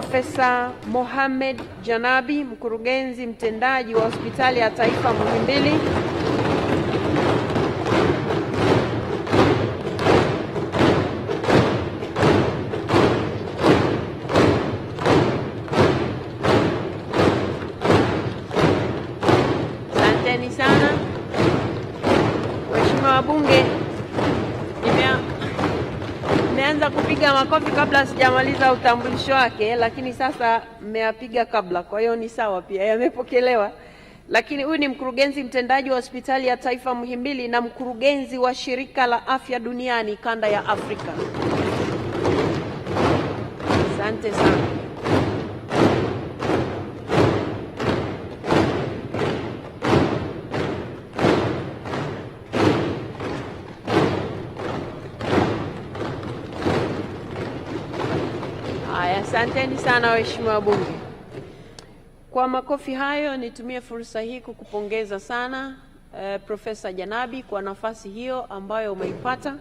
Profesa Mohamed Janabi, mkurugenzi mtendaji wa Hospitali ya Taifa Muhimbili. Asanteni sana. Waheshimiwa wabunge mlianza kupiga makofi kabla sijamaliza utambulisho wake, lakini sasa mmeapiga kabla, kwa hiyo ni sawa, pia yamepokelewa. Lakini huyu ni mkurugenzi mtendaji wa hospitali ya taifa Muhimbili na mkurugenzi wa shirika la afya duniani kanda ya Afrika. Asante sana. Haya, asanteni sana waheshimiwa wabunge. Kwa makofi hayo, nitumie fursa hii kukupongeza sana eh, Profesa Janabi kwa nafasi hiyo ambayo umeipata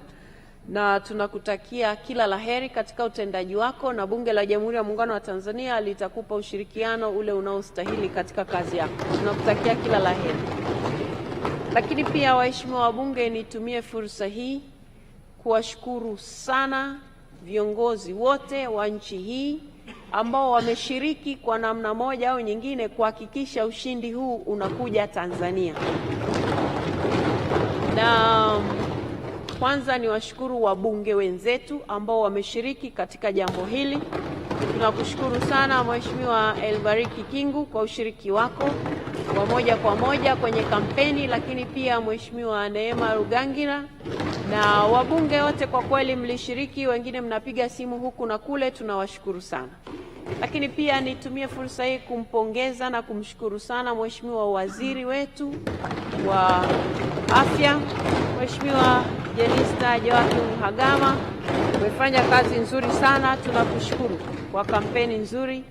na tunakutakia kila laheri katika utendaji wako, na Bunge la Jamhuri ya Muungano wa Tanzania litakupa ushirikiano ule unaostahili katika kazi yako. Tunakutakia kila laheri. Lakini pia waheshimiwa wabunge, nitumie fursa hii kuwashukuru sana viongozi wote wa nchi hii ambao wameshiriki kwa namna moja au nyingine kuhakikisha ushindi huu unakuja Tanzania. Na um, kwanza ni washukuru wabunge wenzetu ambao wameshiriki katika jambo hili. Tunakushukuru sana Mheshimiwa Elbariki Kingu kwa ushiriki wako wa moja kwa moja kwenye kampeni, lakini pia Mheshimiwa Neema Rugangira na wabunge wote kwa kweli mlishiriki, wengine mnapiga simu huku na kule, tunawashukuru sana. Lakini pia nitumie fursa hii kumpongeza na kumshukuru sana Mheshimiwa Waziri wetu wa Afya, Mheshimiwa Jenista Joakim Mhagama, umefanya kazi nzuri sana, tunakushukuru kwa kampeni nzuri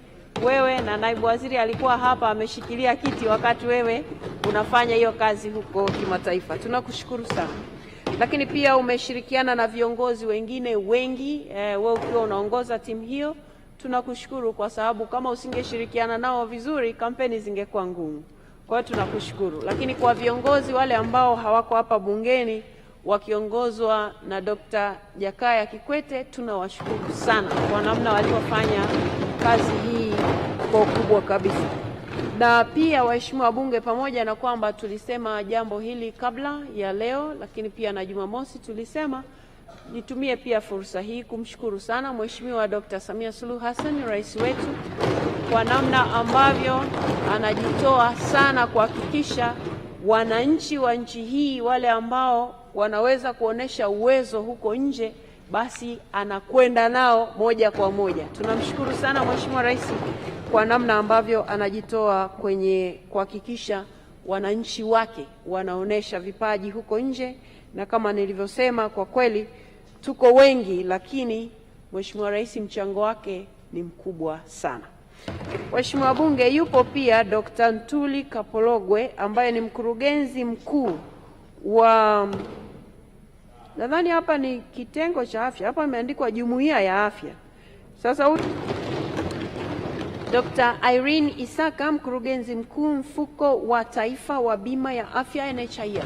wewe na naibu waziri alikuwa hapa ameshikilia kiti wakati wewe unafanya hiyo kazi huko kimataifa. Tunakushukuru sana lakini pia umeshirikiana na viongozi wengine wengi eh, ukiwa unaongoza timu hiyo. Tunakushukuru kwa sababu kama usingeshirikiana nao vizuri, kampeni zingekuwa ngumu. Kwa hiyo tunakushukuru, lakini kwa viongozi wale ambao hawako hapa bungeni wakiongozwa na Dkt. Jakaya Kikwete, tunawashukuru sana kwa namna waliofanya kazi hii kwa ukubwa kabisa na pia waheshimiwa wabunge, pamoja na kwamba tulisema jambo hili kabla ya leo, lakini pia na Jumamosi tulisema, nitumie pia fursa hii kumshukuru sana Mheshimiwa Dr. Samia Suluhu Hassan, rais wetu, kwa namna ambavyo anajitoa sana kuhakikisha wananchi wa nchi hii wale ambao wanaweza kuonesha uwezo huko nje basi anakwenda nao moja kwa moja. Tunamshukuru sana Mheshimiwa Rais kwa namna ambavyo anajitoa kwenye kuhakikisha wananchi wake wanaonesha vipaji huko nje, na kama nilivyosema, kwa kweli tuko wengi, lakini Mheshimiwa Rais mchango wake ni mkubwa sana. Mheshimiwa wabunge, yupo pia Dr. Ntuli Kapologwe ambaye ni mkurugenzi mkuu wa Nadhani hapa ni kitengo cha afya, hapa imeandikwa jumuiya ya afya. Sasa huyu Dr. Irene Isaka, mkurugenzi mkuu mfuko wa taifa wa bima ya afya NHIF.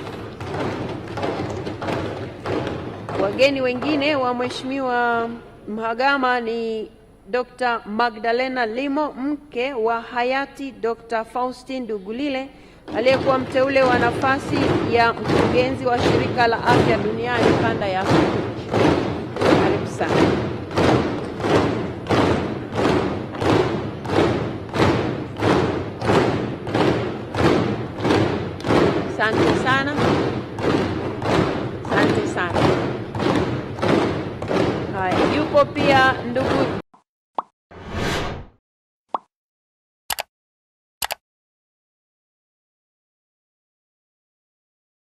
Wageni wengine wa Mheshimiwa Mhagama ni Dr. Magdalena Limo, mke wa hayati Dr. Faustin Dugulile aliyekuwa mteule wa nafasi ya mkurugenzi wa shirika la afya duniani kanda ya Afrika. Karibu sana. Asante sana, asante sana. Haya, yupo pia ndugu